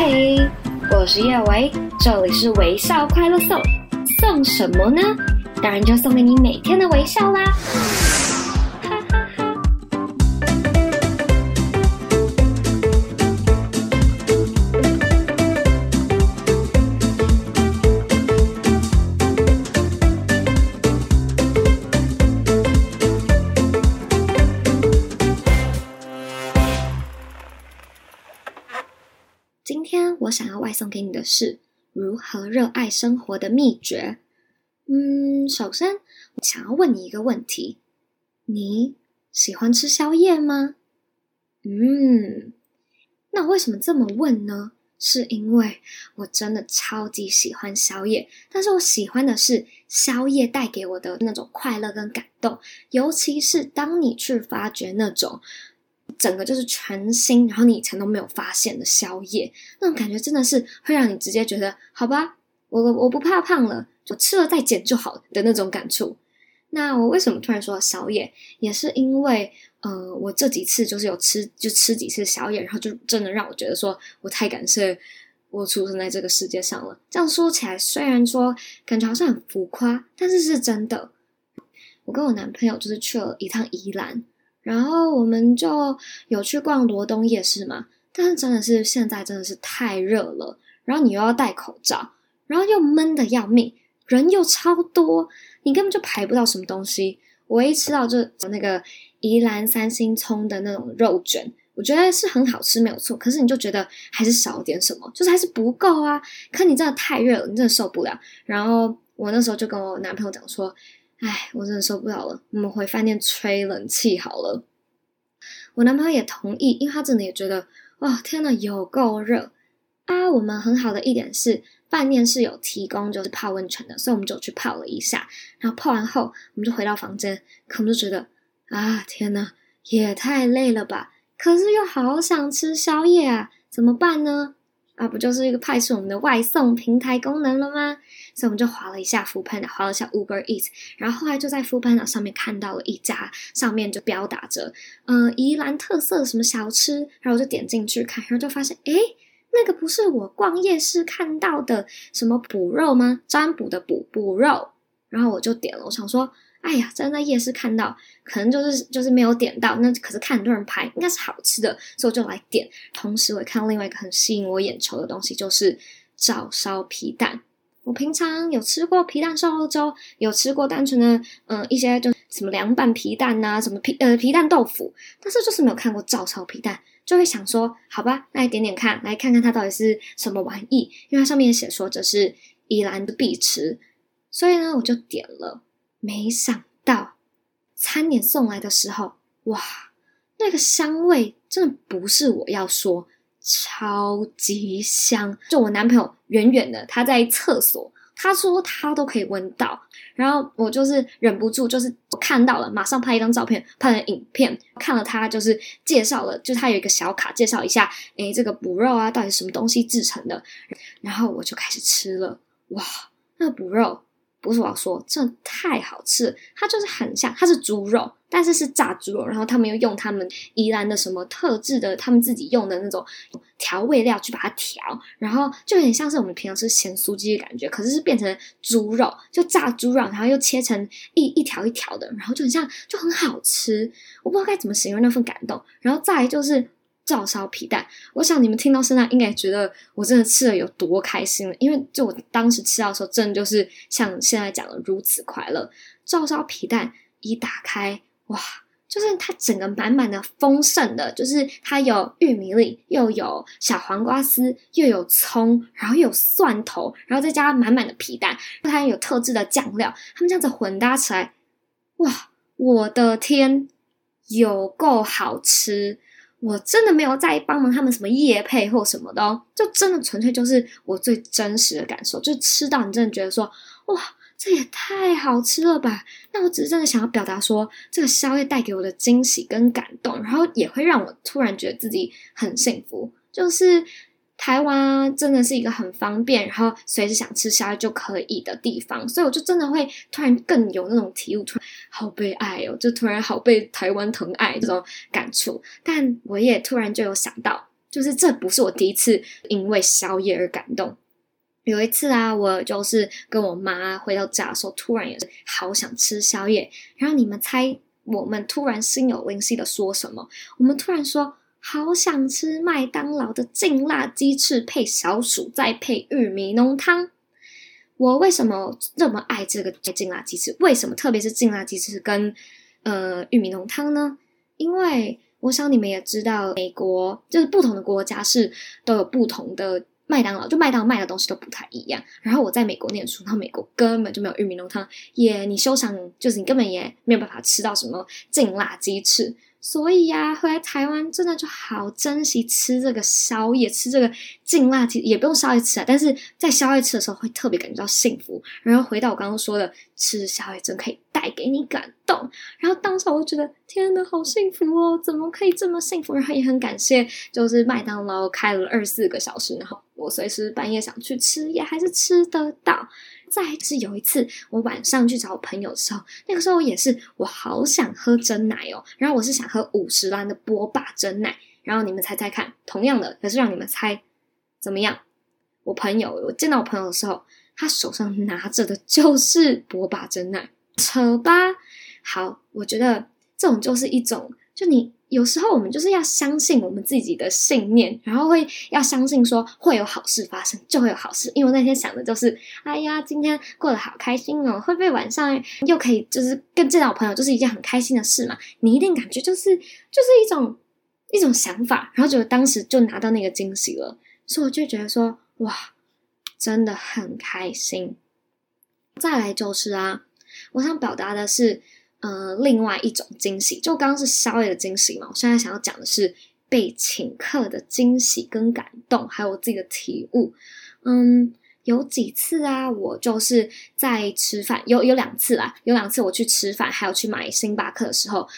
嘿、hey，我是葉薇，這裡是薇笑快樂送，送什麼呢？當然就送給你每天的微笑啦。今天我想要外送給你的是如何熱愛生活的秘訣。嗯，首先，我想要問你一個問題：你喜歡吃宵夜嗎？嗯，那我為什麼這麼問呢？是因為我真的超級喜歡宵夜，但是我喜歡的是宵夜帶給我的那種快樂跟感動，尤其是當你去發掘那種。整個就是全新，然後你以前都沒有發現的宵夜，那種感覺真的是會讓你直接覺得好吧，我我不怕胖了，我吃了再減就好的那種感觸。那我為什麼突然說到宵夜，也是因為呃，我這幾次就是有吃，就吃幾次宵夜，然後就真的讓我覺得說我太感謝我出生在這個世界上了。這樣說起來，雖然說感覺好像很浮誇，但是是真的。我跟我男朋友就是去了一趟宜蘭。然後我們就有去逛羅東夜市嘛，但是真的是現在真的是太熱了，然後你又要戴口罩，然後又悶得要命，人又超多，你根本就排不到什麼東西。我一吃到就那個宜蘭三星蔥的那種肉捲，我覺得是很好吃沒有錯，可是你就覺得還是少點什麼，就是還是不夠啊。可你真的太熱了，你真的受不了。然後我那時候就跟我男朋友講說。哎，我真的受不了了，我們回飯店吹冷氣好了。我男朋友也同意，因為他真的也覺得，哇、哦，天吶，有夠熱啊！我們很好的一點是，飯店是有提供就是泡溫泉的，所以我們就去泡了一下。然後泡完後，我們就回到房間，可我們就覺得，啊，天吶，也太累了吧！可是又好想吃宵夜啊，怎麼辦呢？啊，不就是一個派送我們的外送平台功能了嗎？所以我們就劃了一下 Foodpanda 劃了一下 Uber Eats，然後後來就在 Foodpanda 上面看到了一家，上面就標打着“嗯、呃、宜蘭特色什麼小吃”，然後我就點進去看，然後就發現，哎，那個不是我逛夜市看到的什麼卜肉嗎？占卜的卜卜肉，然後我就點了，我想說。哎呀，真的在夜市看到，可能就是就是沒有點到。那可是看很多人排，應該是好吃的，所以我就來點。同時，我也看到另外一個很吸引我眼球的東西，就是照燒皮蛋。我平常有吃過皮蛋瘦肉粥，有吃過單純的嗯、呃、一些，就什麼涼拌皮蛋吶、啊，什麼皮呃皮蛋豆腐，但是就是沒有看過照燒皮蛋，就會想說，好吧，那點點看，來看看它到底是什麼玩意，因為它上面寫說這是宜蘭的必吃，所以呢，我就點了。沒想到，餐點送來的時候，哇，那個香味真的不是我要說，超級香！就我男朋友遠遠的，他在廁所，他說他都可以聞到。然後我就是忍不住，就是我看到了，馬上拍一張照片，拍了影片，看了他就是介紹了，就他有一個小卡，介紹一下，誒，這個卜肉啊，到底是什麼東西制成的？然後我就開始吃了，哇，那個卜肉。不是我要說，這太好吃了！它就是很像，它是豬肉，但是是炸豬肉。然後他們又用他們宜蘭的什麼特制的，他們自己用的那種調味料去把它調，然後就有點像是我們平常吃鹹酥雞的感覺，可是是變成豬肉，就炸豬肉，然後又切成一一條一條的，然後就很像，就很好吃。我不知道該怎麼形容那份感動。然後再就是。照燒皮蛋，我想你們聽到現在應該覺得我真的吃的有多開心了。因為就我當時吃到的時候，真的就是像現在講的如此快樂。照燒皮蛋一打開，哇，就是它整個滿滿的豐盛的，就是它有玉米粒，又有小黃瓜絲，又有蔥，然後又有蒜頭，然後再加滿滿的皮蛋，它有特制的醬料，他們這樣子混搭起來，哇，我的天，有夠好吃！我真的沒有在幫忙他們什麼業配或什麼的哦，就真的純粹就是我最真實的感受，就吃到你真的覺得說，哇，這也太好吃了吧！那我只是真的想要表達說，這個宵夜帶給我的驚喜跟感動，然後也會讓我突然覺得自己很幸福，就是。台灣啊真的是一個很方便，然後隨時想吃宵夜就可以的地方，所以我就真的會突然更有那種體悟，突然好被愛哦，就突然好被台灣疼愛這種感觸。但我也突然就有想到，就是這不是我第一次因為宵夜而感動。有一次啊，我就是跟我媽回到家的時候，突然也是好想吃宵夜，然後你們猜我們突然心有靈犀的說什麼？我們突然說。好想吃麥當勞的勁辣雞翅配小薯，再配玉米濃湯。我為什麼這麼愛這個勁辣雞翅？為什麼特別是勁辣雞翅跟呃玉米濃湯呢？因為我想你們也知道，美國就是不同的國家是都有不同的麥當勞，就麥當勞賣的東西都不太一樣。然後我在美國念書，然後美國根本就沒有玉米濃湯，也你休想，就是你根本也沒有辦法吃到什麼勁辣雞翅。所以呀、啊，回來台灣真的就好珍惜吃這個宵夜，吃這個勁辣雞，其實也不用宵夜吃啊。但是在宵夜吃的時候，會特別感覺到幸福。然後回到我剛剛說的，吃宵夜真可以帶給你感動。然後當時我覺得，天哪，好幸福哦！怎麼可以這麼幸福？然後也很感謝，就是麥當勞開了二四個小時，然後我隨時半夜想去吃，也還是吃得到。再就是有一次，我晚上去找我朋友的時候，那個時候也是我好想喝珍奶哦、喔。然後我是想喝五十嵐的波霸珍奶。然後你們猜猜看，同樣的，可是讓你們猜怎麼樣？我朋友，我見到我朋友的時候，他手上拿着的就是波霸珍奶，扯吧？好，我覺得這種就是一種。就你有時候，我們就是要相信我們自己的信念，然後會要相信說會有好事發生，就會有好事。因為我那天想的就是，哎呀，今天過得好開心哦，會不會晚上又可以就是跟見到朋友，就是一件很開心的事嘛？你一定感覺就是就是一種一種想法，然後就當時就拿到那個驚喜了，所以我就覺得說，哇，真的很開心。再來就是啊，我想表達的是。呃，另外一種驚喜，就剛剛是宵夜的驚喜嘛。我現在想要講的是被請客的驚喜跟感動，還有我自己的體悟。嗯，有幾次啊，我就是在吃飯，有有兩次啦，有兩次我去吃飯，還有去買星巴克的時候。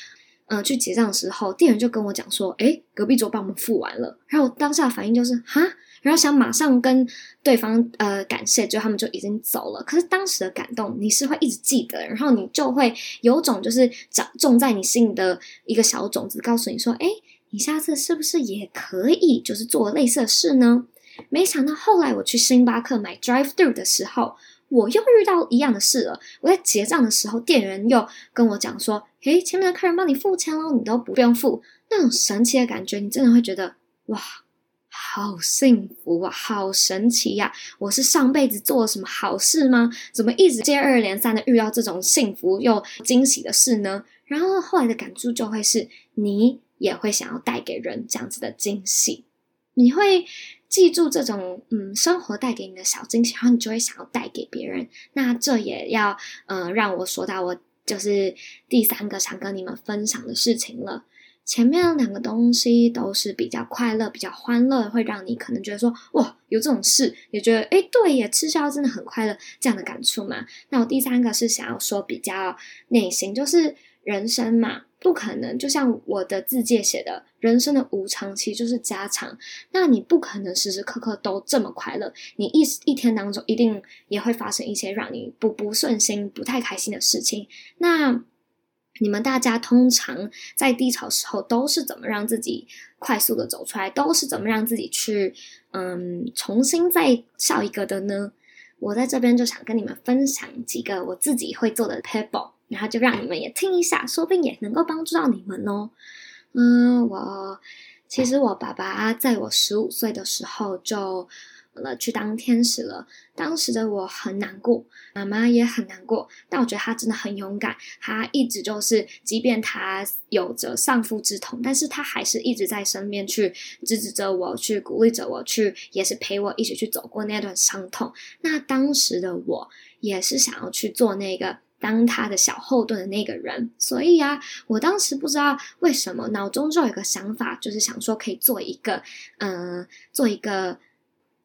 嗯、呃，去結賬的時候，店員就跟我講說：“誒、欸，隔壁桌幫我們付完了。”然後我當下的反應就是“哈”，然後想馬上跟對方呃感謝，就他們就已經走了。可是當時的感動你是會一直記得，然後你就會有種就是長種在你心裡的一個小種子，告訴你說：“誒、欸，你下次是不是也可以就是做類似的事呢？”沒想到後來我去星巴克買 Drive Through 的時候，我又遇到一樣的事了。我在結賬的時候，店員又跟我講說。誒，前面的客人幫你付錢了，你都不用付，那種神奇的感覺，你真的會覺得，哇，好幸福哇、啊，好神奇呀、啊！我是上輩子做了什麼好事嗎？怎麼一直接二連三的遇到這種幸福又驚喜的事呢？然後後來的感觸就會是你也會想要帶給人這樣子的驚喜，你會記住這種嗯生活帶給你的小驚喜，然後你就會想要帶給別人。那這也要嗯、呃、讓我說到我。就是第三個想跟你們分享的事情了。前面兩個東西都是比較快樂、比較歡樂，會讓你可能覺得說哇，有這種事，也覺得誒對耶，吃宵真的很快樂這樣的感觸嘛。那我第三個是想要說比較內心，就是人生嘛。不可能，就像我的自介寫的，人生的無常其實就是家常。那你不可能時時刻刻都這麼快樂，你一一天當中一定也會發生一些讓你不不順心、不太開心的事情。那你們大家通常在低潮時候都是怎麼讓自己快速的走出來？都是怎麼讓自己去嗯重新再笑一個的呢？我在這邊就想跟你們分享幾個我自己會做的撇步。然後就讓你們也聽一下，說不定也能夠幫助到你們哦。嗯，我其實我爸爸在我十五歲的時候就去了去當天使了，當時的我很難過，媽媽也很難過，但我覺得他真的很勇敢，他一直就是，即便他有着喪夫之痛，但是他還是一直在身邊去支持着我，去鼓勵着我去，去也是陪我一起去走過那段傷痛。那當時的我也是想要去做那個。當他的小後盾的那個人，所以啊，我當時不知道為什麼，腦中就有一個想法，就是想說可以做一個，嗯、呃，做一個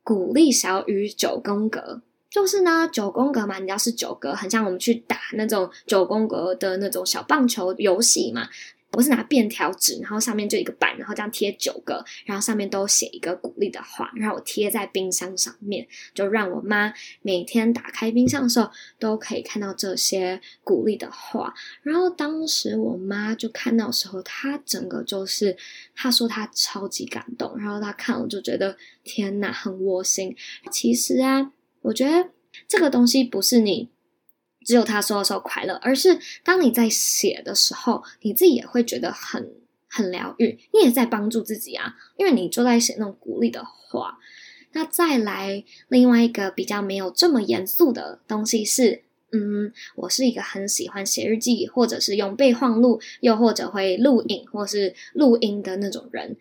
鼓勵小語九宮格，就是呢，九宮格嘛，你知道是九格，很像我們去打那種九宮格的那種小棒球遊戲嘛。我是拿便條紙，然後上面就一個板，然後這樣貼九個，然後上面都寫一個鼓勵的話，然後我貼在冰箱上面，就讓我媽每天打開冰箱的時候都可以看到這些鼓勵的話。然後當時我媽就看到的時候，她整個就是她說她超級感動，然後她看我就覺得天哪，很窩心。其實啊，我覺得這個東西不是你。只有他說的時候快樂，而是當你在寫的時候，你自己也會覺得很很療癒，你也在幫助自己啊，因為你就在寫那種鼓勵的話。那再來另外一個比較沒有這麼嚴肅的東西是，嗯，我是一個很喜歡寫日記，或者是用備忘錄，又或者會錄影或是錄音的那種人。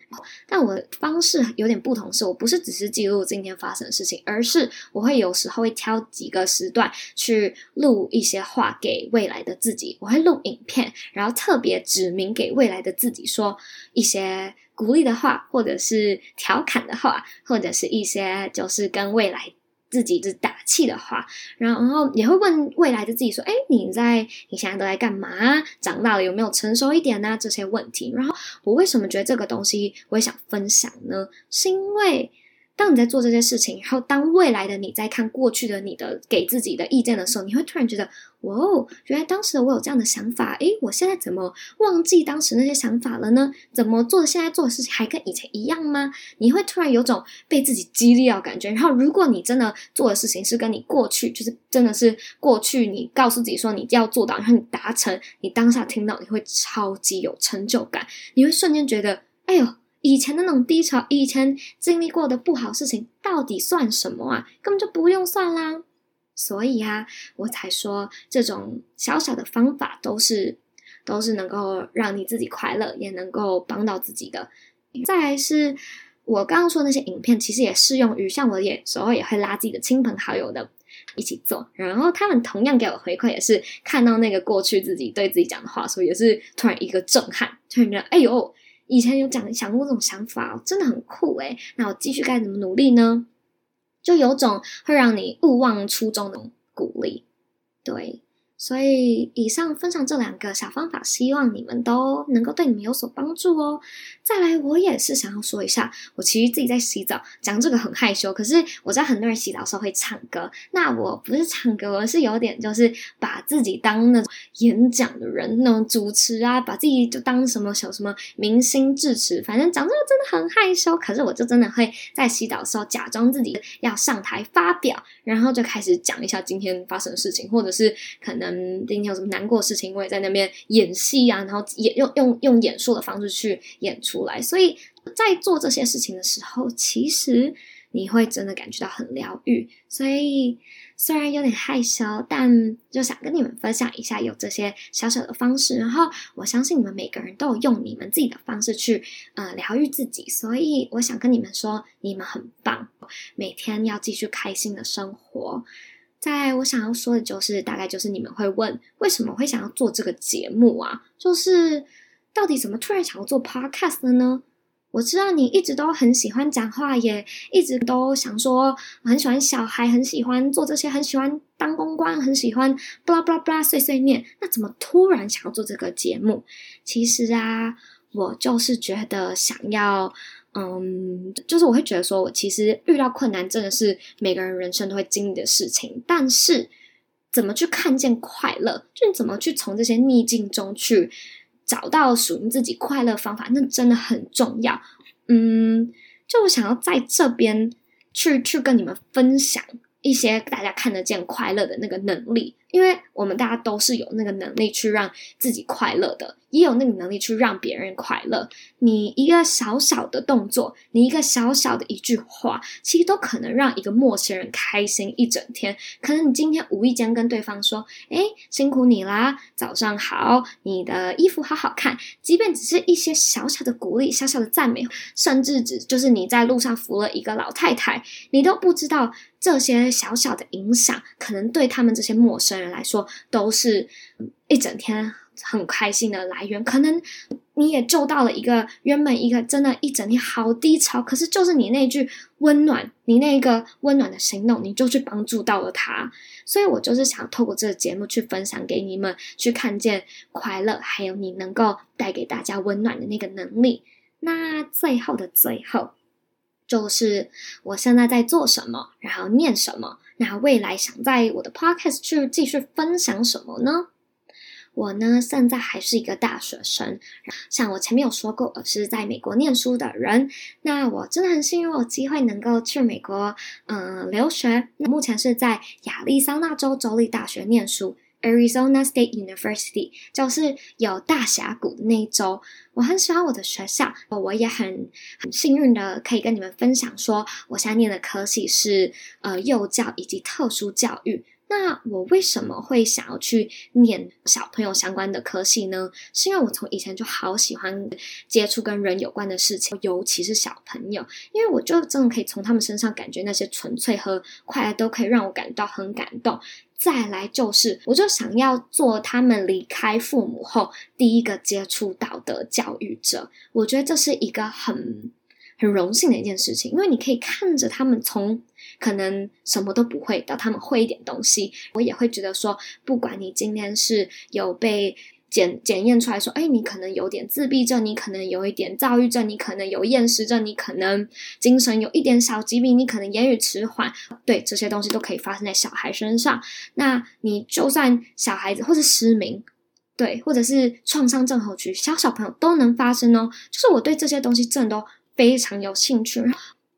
但我的方式有點不同，是我不是只是記錄今天發生的事情，而是我會有時候會挑幾個時段去錄一些話給未來的自己。我會錄影片，然後特別指明給未來的自己說一些鼓勵的話，或者是調侃的話，或者是一些就是跟未來。自己就打氣的話，然後也會問未來的自己說：“哎，你在你現在都在幹嘛？長大了有沒有成熟一點呢、啊？”這些問題。然後我為什麼覺得這個東西會想分享呢？是因為。當你在做這些事情，然後當未來的你在看過去的你的給自己的意見的時候，你會突然覺得，哇哦，原來當時的我有這樣的想法，誒，我現在怎麼忘記當時那些想法了呢？怎麼做的？現在做的事情還跟以前一樣嗎？你會突然有種被自己激勵到感覺。然後，如果你真的做的事情是跟你過去，就是真的是過去你告訴自己說你要做到，然後你達成，你當下聽到你會超級有成就感，你會瞬間覺得，哎呦。以前的那種低潮，以前經歷過的不好事情，到底算什麼啊？根本就不用算啦。所以啊，我才說這種小小的方法都是，都是能夠讓你自己快樂，也能夠幫到自己的。再來是，我剛剛說那些影片，其實也適用於像我也有時候也會拉自己的親朋好友的，一起做。然後他們同樣給我回饋，也是看到那個過去自己對自己講的話，所以也是突然一個震撼，突然覺得哎呦。以前有講想過這種想法，真的很酷誒、欸，那我繼續該怎麼努力呢？就有種會讓你勿忘初衷的鼓勵，對。所以，以上分享這兩個小方法，希望你們都能夠對你們有所幫助哦。再來，我也是想要說一下，我其實自己在洗澡講這個很害羞，可是我知道很多人洗澡的時候會唱歌。那我不是唱歌，我是有點就是把自己當那種演講的人，那種主持啊，把自己就當什麼小什麼明星主持，反正講這個真的很害羞。可是我就真的會在洗澡的時候假裝自己要上台發表，然後就開始講一下今天發生的事情，或者是可能。嗯，今天有什麼難過的事情？我也在那邊演戲啊，然後演用用用演說的方式去演出來。所以在做這些事情的時候，其實你會真的感覺到很療癒。所以雖然有點害羞，但就想跟你們分享一下有這些小小的方式。然後我相信你們每個人都有用你們自己的方式去呃療癒自己。所以我想跟你們說，你們很棒，每天要繼續開心的生活。在我想要說的就是，大概就是你們會問，為什麼會想要做這個節目啊？就是到底怎麼突然想要做 Podcast 呢？我知道你一直都很喜歡講話耶，也一直都想說，我很喜歡小孩，很喜歡做這些，很喜歡當公關，很喜歡，巴拉巴拉巴拉碎碎念。那怎麼突然想要做這個節目？其實啊，我就是覺得想要。嗯，就是我會覺得說，我其實遇到困難真的是每個人人生都會經歷的事情。但是，怎麼去看見快樂，就怎麼去從這些逆境中去找到屬於自己快樂方法，那真的很重要。嗯，就我想要在這邊去去跟你們分享一些大家看得見快樂的那個能力，因為我們大家都是有那個能力去讓自己快樂的，也有那個能力去讓別人快樂。你一個小小的動作，你一個小小的一句話，其實都可能讓一個陌生人開心一整天。可能你今天無意間跟對方說：“誒，辛苦你啦，早上好，你的衣服好好看。”，即便只是一些小小的鼓勵、小小的讚美，甚至只就是你在路上扶了一個老太太，你都不知道。這些小小的影響，可能對他們這些陌生人來說，都是一整天很開心的來源。可能你也救到了一個原本一個真的一整天好低潮，可是就是你那句溫暖，你那個溫暖的行動，你就去幫助到了他。所以我就是想透過這個節目去分享給你們，去看見快樂，還有你能夠帶給大家溫暖的那個能力。那最後的最後，就是我現在在做什麼，然後念什麼？那未來想在我的 podcast 去繼續分享什麼呢？我呢，現在還是一個大學生，像我前面有說過，我是在美國念書的人。那我真的很幸運，有機會能夠去美國，嗯、呃，留學。那目前是在亞利桑那州州立大學念書。Arizona State University，就是有大峽谷那一州，我很喜歡我的學校，我也很很幸運的可以跟你們分享說，我現在念的科系是呃幼教以及特殊教育。那我為什麼會想要去念小朋友相關的科系呢？是因為我從以前就好喜歡接觸跟人有關的事情，尤其是小朋友，因為我就真的可以從他們身上感覺那些純粹和快樂，都可以讓我感覺到很感動。再來就是，我就想要做他們離開父母後第一個接觸到的教育者，我覺得這是一個很很榮幸的一件事情，因為你可以看着他們從。可能什麼都不會，但他們會一點東西，我也會覺得說，不管你今天是有被檢檢驗出來說，哎，你可能有點自閉症，你可能有一點躁鬱症，你可能有厭食症，你可能精神有一點小疾病，你可能言語遲緩，對這些東西都可以發生在小孩身上。那你就算小孩子或是失明，對，或者是創傷症候群，小小朋友都能發生哦。就是我對這些東西真的都非常有興趣。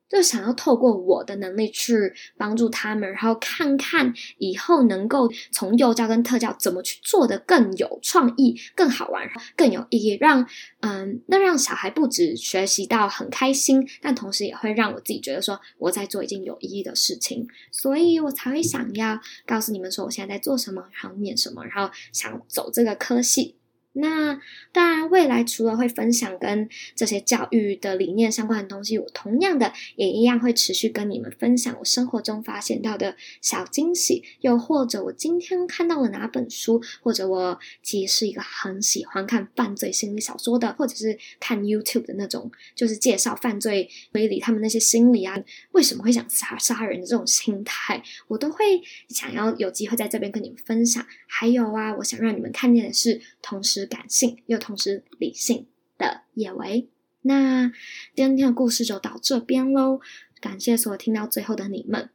就想要透過我的能力去幫助他們，然後看看以後能夠從幼教跟特教怎麼去做得更有創意、更好玩、更有意義，讓嗯，那讓小孩不止學習到很開心，但同時也會讓我自己覺得說我在做一件有意義的事情，所以我才會想要告訴你們說我現在在做什麼，然後念什麼，然後想走這個科系。那當然，未來除了會分享跟這些教育的理念相關的東西，我同樣的也一樣會持續跟你們分享我生活中發現到的小驚喜，又或者我今天看到了哪本書，或者我其實是一個很喜歡看犯罪心理小說的，或者是看 YouTube 的那種，就是介紹犯罪推理他們那些心理啊，為什麼會想殺殺人的這種心態，我都會想要有機會在這邊跟你們分享。還有啊，我想讓你們看見的是，同時。感性又同時理性的葉薇，那今天的故事就到這邊嘍。感謝所有聽到最後的你們，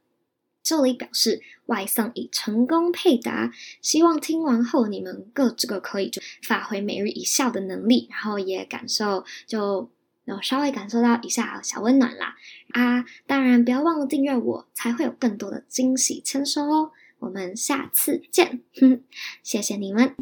這裡表示外送已成功配達。希望聽完後你們各自個可以就發揮每日一笑的能力，然後也感受就有稍微感受到一下小溫暖啦啊！當然不要忘了訂閱我，才會有更多的驚喜簽收哦。我們下次見，呵呵謝謝你們。